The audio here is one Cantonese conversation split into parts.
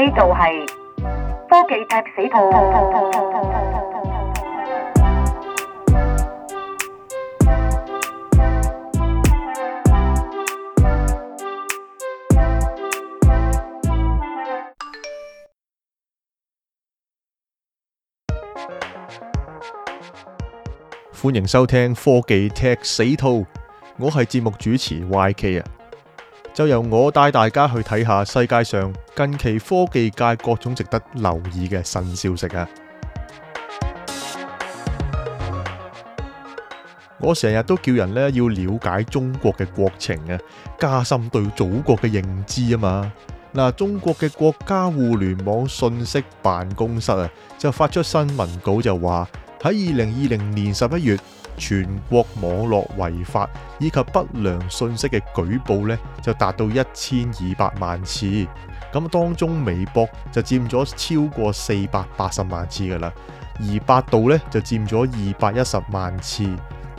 呢度係科技 Tech 死兔，歡迎收聽科技 Tech 死兔，我係節目主持 YK 啊。就由我帶大家去睇下世界上近期科技界各種值得留意嘅新消息啊！我成日都叫人咧，要了解中國嘅國情啊，加深對祖國嘅認知啊嘛。嗱，中國嘅國家互聯網信息辦公室啊，就發出新聞稿就話喺二零二零年十一月。全國網絡違法以及不良信息嘅舉報咧，就達到一千二百萬次。咁當中，微博就佔咗超過四百八十萬次噶啦，而百度咧就佔咗二百一十萬次。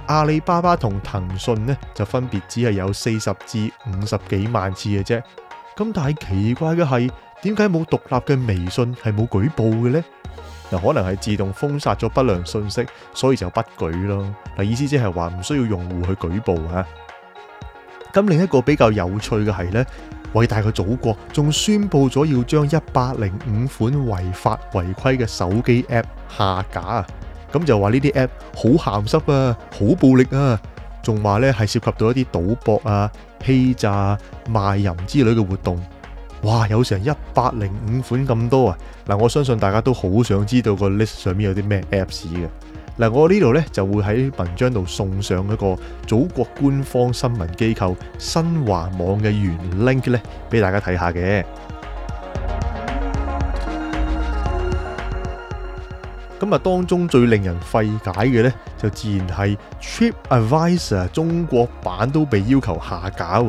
阿里巴巴同騰訊呢，就分別只係有四十至五十幾萬次嘅啫。咁但係奇怪嘅係，點解冇獨立嘅微信係冇舉報嘅呢？嗱，可能係自動封殺咗不良信息，所以就不舉咯。嗱，意思即係話唔需要用戶去舉報嚇。咁另一個比較有趣嘅係呢，偉大嘅祖國仲宣佈咗要將一百零五款違法違規嘅手機 App 下架啊！咁就話呢啲 App 好鹹濕啊，好暴力啊，仲話呢係涉及到一啲賭博啊、欺詐、賣淫之類嘅活動。哇！有成一百零五款咁多啊！嗱，我相信大家都好想知道個 list 上面有啲咩 apps 嘅。嗱，我呢度呢就會喺文章度送上一個祖國官方新聞機構新華網嘅原 link 咧，俾大家睇下嘅。咁啊，當中最令人費解嘅呢，就自然係 TripAdvisor 中國版都被要求下架啊。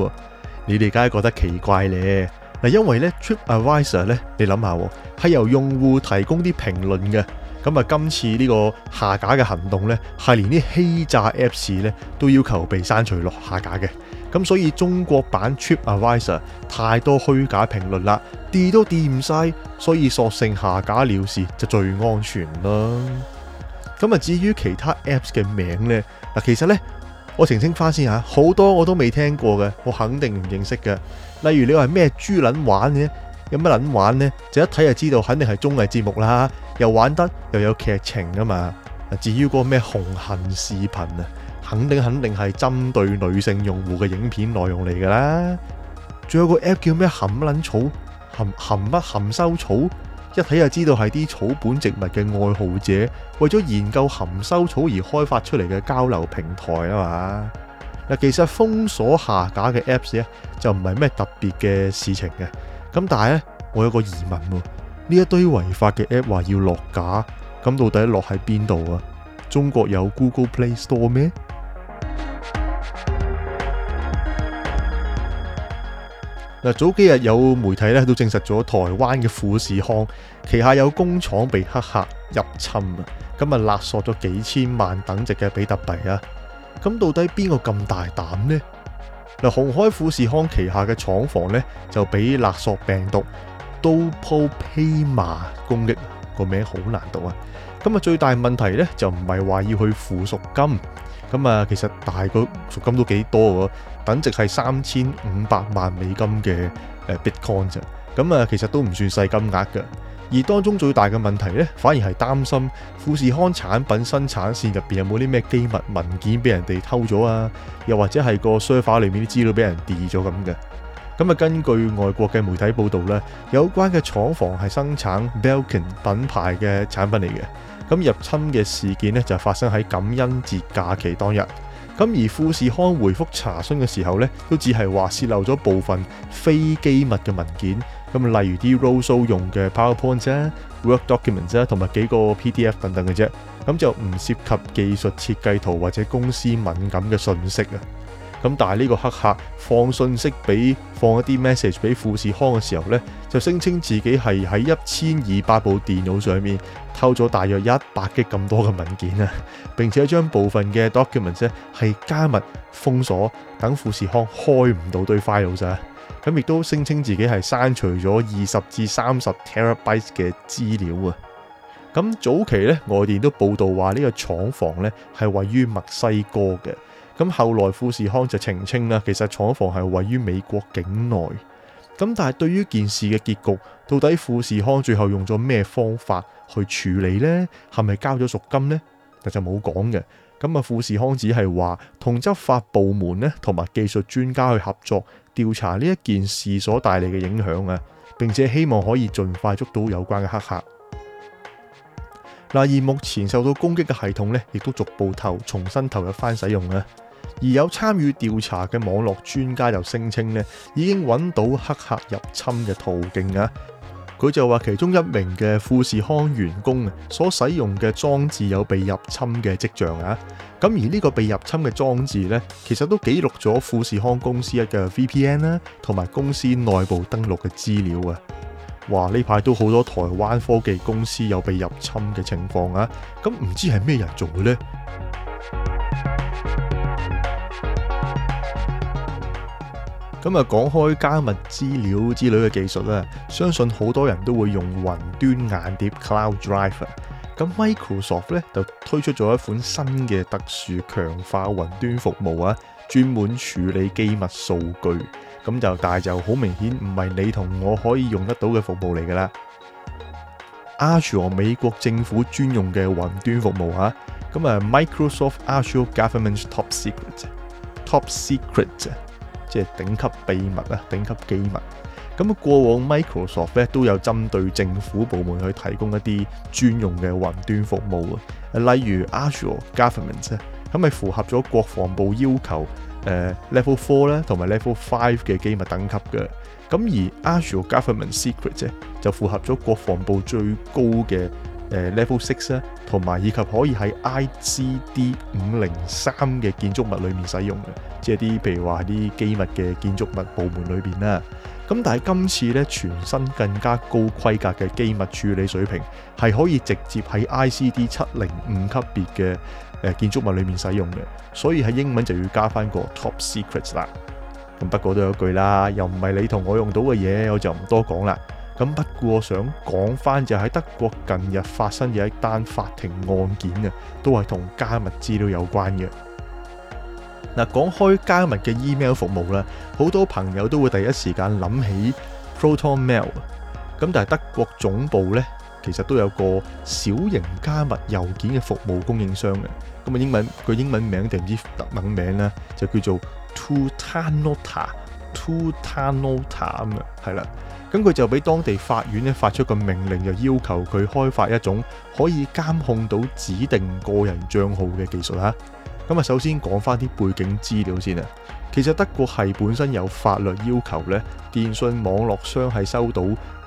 你哋梗係覺得奇怪咧。嗱，因為咧 TripAdvisor 咧，你諗下喎，係由用戶提供啲評論嘅，咁啊，今次呢個下架嘅行動咧，係連啲欺詐 Apps 咧都要求被刪除落下架嘅，咁所以中國版 TripAdvisor 太多虛假評論啦，delete 都 delete 唔晒，所以索性下架了事就最安全啦。咁啊，至於其他 Apps 嘅名咧，嗱，其實咧。我澄清翻先吓，好多我都未聽過嘅，我肯定唔認識嘅。例如你話咩豬撚玩嘅，有咩撚玩呢？就一睇就知道，肯定係綜藝節目啦。又玩得又有劇情啊嘛。至於嗰個咩紅杏視頻啊，肯定肯定係針對女性用戶嘅影片內容嚟噶啦。仲有個 app 叫咩含撚草，含含乜含,含羞草。一睇就知道係啲草本植物嘅愛好者為咗研究含羞草而開發出嚟嘅交流平台啊嘛！嗱，其實封鎖下架嘅 apps 咧就唔係咩特別嘅事情嘅。咁但係咧，我有個疑問喎，呢一堆違法嘅 app 話要落架，咁到底落喺邊度啊？中國有 Google Play Store 咩？嗱，早幾日有媒體咧都證實咗台灣嘅富士康旗下有工廠被黑客入侵啊，咁啊勒索咗幾千萬等值嘅比特幣啊，咁到底邊個咁大膽呢？嗱，紅海富士康旗下嘅廠房咧就俾勒索病毒都 o 披 o 攻擊，個名好難讀啊，咁啊最大問題咧就唔係話要去付屬金。咁啊，其實大個贖金都幾多喎，等值係三千五百萬美金嘅 Bitcoin 啫。咁啊，其實都唔算細金額㗎。而當中最大嘅問題呢，反而係擔心富士康產品生產線入邊有冇啲咩機密文件俾人哋偷咗啊？又或者係個 server 裏面啲資料俾人 delete 咗咁嘅。咁啊，根據外國嘅媒體報道呢，有關嘅廠房係生產 Belkin 品牌嘅產品嚟嘅。咁入侵嘅事件呢，就發生喺感恩節假期當日。咁而富士康回覆查詢嘅時候呢，都只係話洩漏咗部分非機密嘅文件，咁例如啲 roso 用嘅 PowerPoint 啫、啊、Work Documents 同、啊、埋幾個 PDF 等等嘅啫。咁就唔涉及技術設計圖或者公司敏感嘅信息啊。咁但係呢個黑客，客放信息俾放一啲 message 俾富士康嘅時候呢，就聲稱自己係喺一千二百部電腦上面偷咗大約一百 G 咁多嘅文件啊，並且將部分嘅 documents 呢係加密、封鎖，等富士康開唔到堆 file 咋、啊。咁亦都聲稱自己係刪除咗二十至三十 terabytes 嘅資料啊。咁早期呢，外電都報道話呢個廠房呢係位於墨西哥嘅。咁後來富士康就澄清啦，其實廠房係位於美國境內。咁但係對於件事嘅結局，到底富士康最後用咗咩方法去處理呢？係咪交咗贖金呢？但就冇講嘅。咁啊，富士康只係話同執法部門咧同埋技術專家去合作調查呢一件事所帶嚟嘅影響啊，並且希望可以盡快捉到有關嘅黑客。嗱，而目前受到攻擊嘅系統呢，亦都逐步投重新投入翻使用啊。而有參與調查嘅網絡專家就聲稱呢，已經揾到黑客入侵嘅途徑啊！佢就話其中一名嘅富士康員工啊，所使用嘅裝置有被入侵嘅跡象啊！咁而呢個被入侵嘅裝置呢，其實都記錄咗富士康公司一嘅 VPN 啦，同埋公司內部登錄嘅資料啊！哇！呢排都好多台灣科技公司有被入侵嘅情況啊！咁唔知係咩人做嘅呢？咁啊，講開加密資料之類嘅技術啦，相信好多人都會用雲端硬碟 （Cloud Drive）。咁 Microsoft 咧就推出咗一款新嘅特殊強化雲端服務啊，專門處理機密數據。咁就但係就好明顯唔係你同我可以用得到嘅服務嚟噶啦，Azure 美國政府專用嘅雲端服務啊。咁啊，Microsoft Azure Government Top Secret，Top Secret Top Secret. 即係頂級秘密啊，頂級機密。咁啊，過往 Microsoft 咧都有針對政府部門去提供一啲專用嘅雲端服務啊，例如 Azure Government 啫，咁咪符合咗國防部要求誒、呃、Level Four 咧同埋 Level Five 嘅機密等級嘅。咁而 Azure Government Secret 啫，就符合咗國防部最高嘅。Level six 咧，同埋以及可以喺 ICD 五零三嘅建築物裏面使用嘅，即係啲譬如話啲機密嘅建築物部門裏邊啦。咁但係今次呢，全新更加高規格嘅機密處理水平，係可以直接喺 ICD 七零五級別嘅建築物裏面使用嘅，所以喺英文就要加翻個 top secret 啦。咁不過都有一句啦，又唔係你同我用到嘅嘢，我就唔多講啦。咁不過我想講翻就喺德國近日發生嘅一單法庭案件啊，都係同加密資料有關嘅。嗱，講開加密嘅 email 服務啦，好多朋友都會第一時間諗起 Proton Mail。咁但係德國總部呢，其實都有個小型加密郵件嘅服務供應商嘅。咁啊，英文佢英文名定唔知德文名呢，就叫做 Tutanota、Tutanota 咁啊，係啦。咁佢就俾當地法院咧發出個命令，就要求佢開發一種可以監控到指定個人帳號嘅技術啦。咁啊，首先講翻啲背景資料先啊。其實德國係本身有法律要求咧，電信網絡商係收到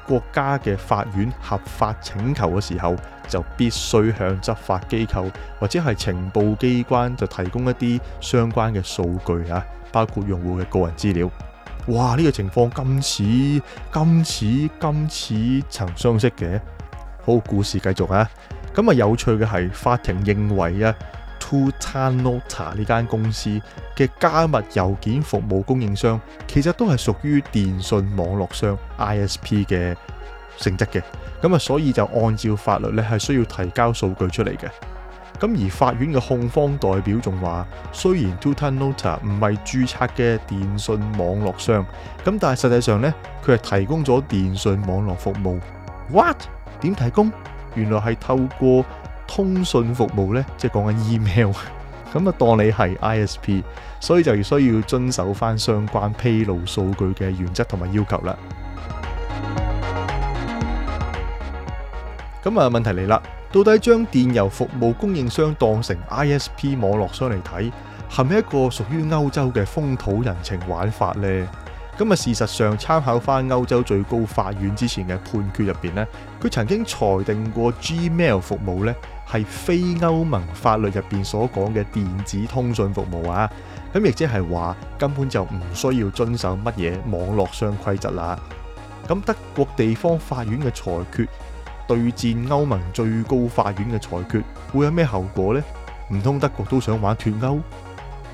國家嘅法院合法請求嘅時候，就必須向執法機構或者係情報機關就提供一啲相關嘅數據啊，包括用戶嘅個人資料。哇！呢、這個情況咁似咁似咁似，似曾相識嘅。好，故事繼續啊。咁啊，有趣嘅係法庭認為啊，Tutanota 呢間公司嘅加密郵件服務供應商其實都係屬於電信網絡商 ISP 嘅性質嘅。咁啊，所以就按照法律咧係需要提交數據出嚟嘅。咁而法院嘅控方代表仲話，雖然 Tutanota 唔係註冊嘅電信網絡商，咁但係實際上咧，佢係提供咗電信網絡服務。What？點提供？原來係透過通訊服務咧，即係講緊 email。咁啊，當你係 ISP，所以就需要遵守返相關披露數據嘅原則同埋要求啦。咁啊，問題嚟啦。到底將電郵服務供應商當成 ISP 網絡商嚟睇，係咪一個屬於歐洲嘅風土人情玩法呢？咁啊，事實上參考翻歐洲最高法院之前嘅判決入邊呢，佢曾經裁定過 Gmail 服務呢係非歐盟法律入邊所講嘅電子通訊服務啊，咁亦即係話根本就唔需要遵守乜嘢網絡商規則啦。咁德國地方法院嘅裁決。對戰歐盟最高法院嘅裁決會有咩後果呢？唔通德國都想玩脱歐？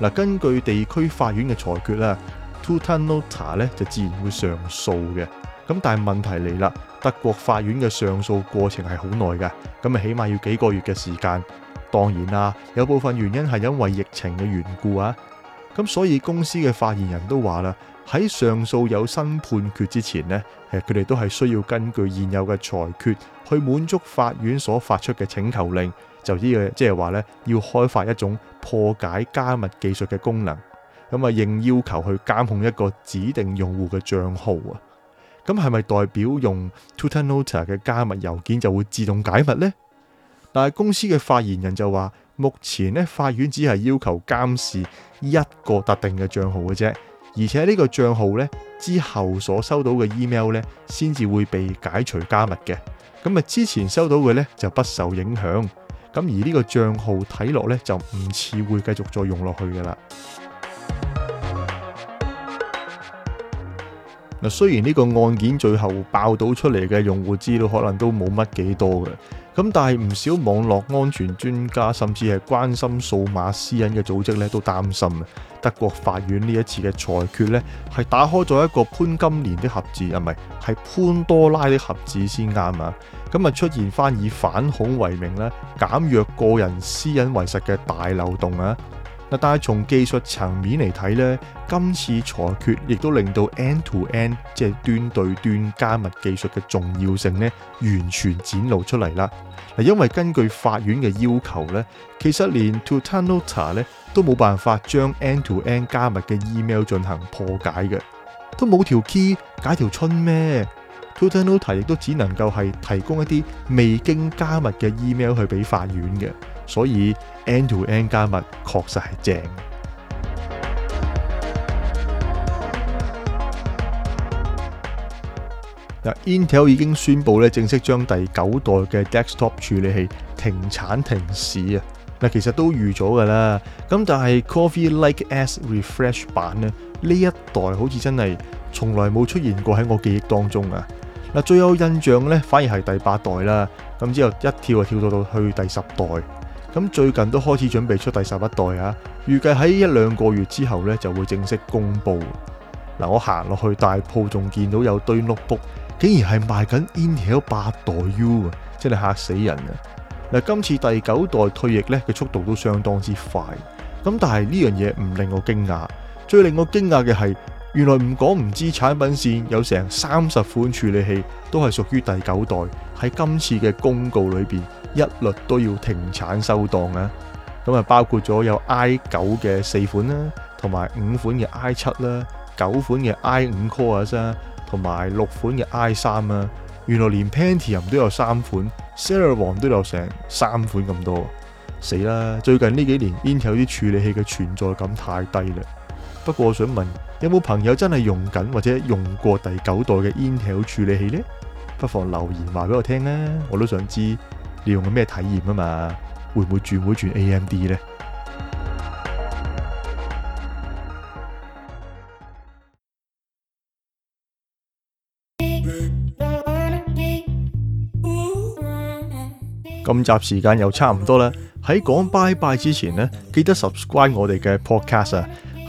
嗱，根據地區法院嘅裁決啦，Tutanota 咧就自然會上訴嘅。咁但係問題嚟啦，德國法院嘅上訴過程係好耐㗎，咁啊起碼要幾個月嘅時間。當然啦，有部分原因係因為疫情嘅緣故啊。咁所以公司嘅發言人都話啦。喺上訴有新判決之前呢，誒佢哋都係需要根據現有嘅裁決去滿足法院所發出嘅請求令。就呢個，即係話呢，要開發一種破解加密技術嘅功能，咁啊，應要求去監控一個指定用戶嘅帳號啊。咁係咪代表用 Tutanota 嘅加密郵件就會自動解密呢？但係公司嘅發言人就話，目前呢，法院只係要求監視一個特定嘅帳號嘅啫。而且呢個賬號呢，之後所收到嘅 email 呢，先至會被解除加密嘅。咁啊，之前收到嘅呢就不受影響。咁而呢個賬號睇落呢，就唔似會繼續再用落去㗎喇。嗱，雖然呢個案件最後爆到出嚟嘅用戶資料，可能都冇乜幾多嘅。咁但係唔少網絡安全專家，甚至係關心數碼私隱嘅組織咧，都擔心啊，德國法院呢一次嘅裁決咧，係打開咗一個潘金蓮的盒子啊，唔係係潘多拉的盒子先啱啊！咁啊出現翻以反恐為名咧，減弱個人私隱為實嘅大漏洞啊！但係從技術層面嚟睇咧，今次裁決亦都令到 end to end 即係端對端加密技術嘅重要性咧，完全展露出嚟啦。嗱，因為根據法院嘅要求咧，其實連 Tutanota 咧都冇辦法將 end to end 加密嘅 email 進行破解嘅，都冇條 key 解條春咩？c o v e r Note 亦都只能夠係提供一啲未經加密嘅 email 去俾法院嘅，所以 end to end 加密確實係正。嗱，Intel 已經宣布咧正式將第九代嘅 desktop 處理器停產停市啊！嗱，其實都預咗噶啦，咁但係 Coffee Lake S Refresh 版咧呢這一代好似真係從來冇出現過喺我記憶當中啊！嗱，最有印象咧，反而係第八代啦。咁之後一跳就跳到到去第十代，咁最近都開始準備出第十一代啊。預計喺一兩個月之後咧，就會正式公布。嗱，我行落去大鋪，仲見到有堆 notebook，竟然係賣緊 Intel 八代 U 啊，真係吓死人啊！嗱，今次第九代退役咧，佢速度都相當之快。咁但係呢樣嘢唔令我驚訝，最令我驚訝嘅係。原來唔講唔知，產品線有成三十款處理器都係屬於第九代，喺今次嘅公告裏邊，一律都要停產收檔啊！咁啊，包括咗有 I 九嘅四款啦，同埋五款嘅 I 七啦，九款嘅 I 五 Core 啦，同埋六款嘅 I 三啦。原來連 Pentium 都有三款，Celeron 都有成三款咁多，死啦！最近呢幾年 Intel 啲處理器嘅存在感太低啦。不過我想問，有冇朋友真係用緊或者用過第九代嘅 Intel 處理器呢？不妨留言話俾我聽啊！我都想知你用緊咩體驗啊嘛，會唔會轉唔會轉 AMD 呢？今集時間又差唔多啦。喺講 Bye Bye 之前呢，記得 subscribe 我哋嘅 Podcast 啊！